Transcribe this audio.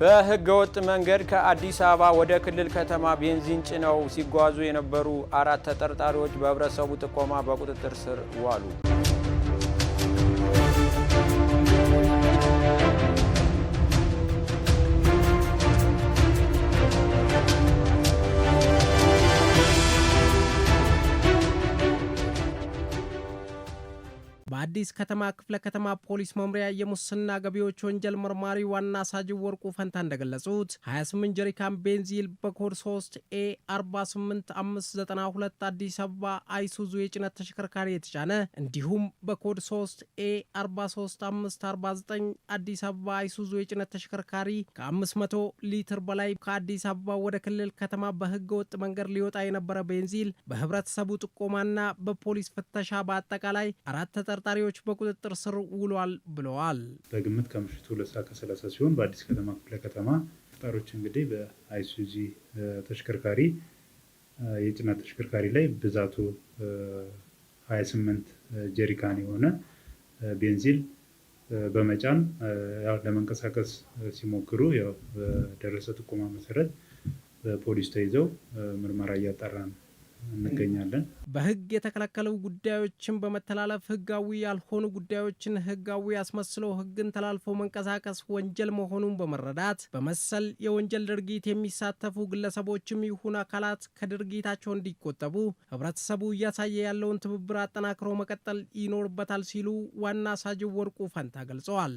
በህገወጥ መንገድ ከአዲስ አበባ ወደ ክልል ከተማ ቤንዚን ጭነው ሲጓዙ የነበሩ አራት ተጠርጣሪዎች በህብረተሰቡ ጥቆማ በቁጥጥር ስር ዋሉ። በአዲስ ከተማ ክፍለ ከተማ ፖሊስ መምሪያ የሙስና ገቢዎች ወንጀል መርማሪ ዋና ሳጅ ወርቁ ፈንታ እንደገለጹት 28 ጀሪካን ቤንዚል በኮድ 3 ኤ 48592 አዲስ አበባ አይሱዙ የጭነት ተሽከርካሪ የተጫነ እንዲሁም በኮድ 3 ኤ 43549 አዲስ አበባ አይሱዙ የጭነት ተሽከርካሪ ከ500 ሊትር በላይ ከአዲስ አበባ ወደ ክልል ከተማ በህገ ወጥ መንገድ ሊወጣ የነበረ ቤንዚል በህብረተሰቡ ጥቆማና በፖሊስ ፍተሻ በአጠቃላይ አራት ተጠርጣ ተጠርጣሪዎች በቁጥጥር ስር ውሏል ብለዋል። በግምት ከምሽቱ ሁለት ሰዓት ከሰላሳ ሲሆን በአዲስ ከተማ ክፍለ ከተማ ተጠርጣሪዎች እንግዲህ በአይሱዚ ተሽከርካሪ የጭነት ተሽከርካሪ ላይ ብዛቱ 28 ጀሪካን የሆነ ቤንዚን በመጫን ለመንቀሳቀስ ሲሞክሩ ያው በደረሰ ጥቆማ መሰረት በፖሊስ ተይዘው ምርመራ እያጠራ ነው። እንገኛለን። በህግ የተከለከሉ ጉዳዮችን በመተላለፍ ህጋዊ ያልሆኑ ጉዳዮችን ህጋዊ አስመስለው ህግን ተላልፎ መንቀሳቀስ ወንጀል መሆኑን በመረዳት በመሰል የወንጀል ድርጊት የሚሳተፉ ግለሰቦችም ይሁን አካላት ከድርጊታቸው እንዲቆጠቡ ህብረተሰቡ እያሳየ ያለውን ትብብር አጠናክሮ መቀጠል ይኖርበታል ሲሉ ዋና ሳጅብ ወርቁ ፈንታ ገልጸዋል።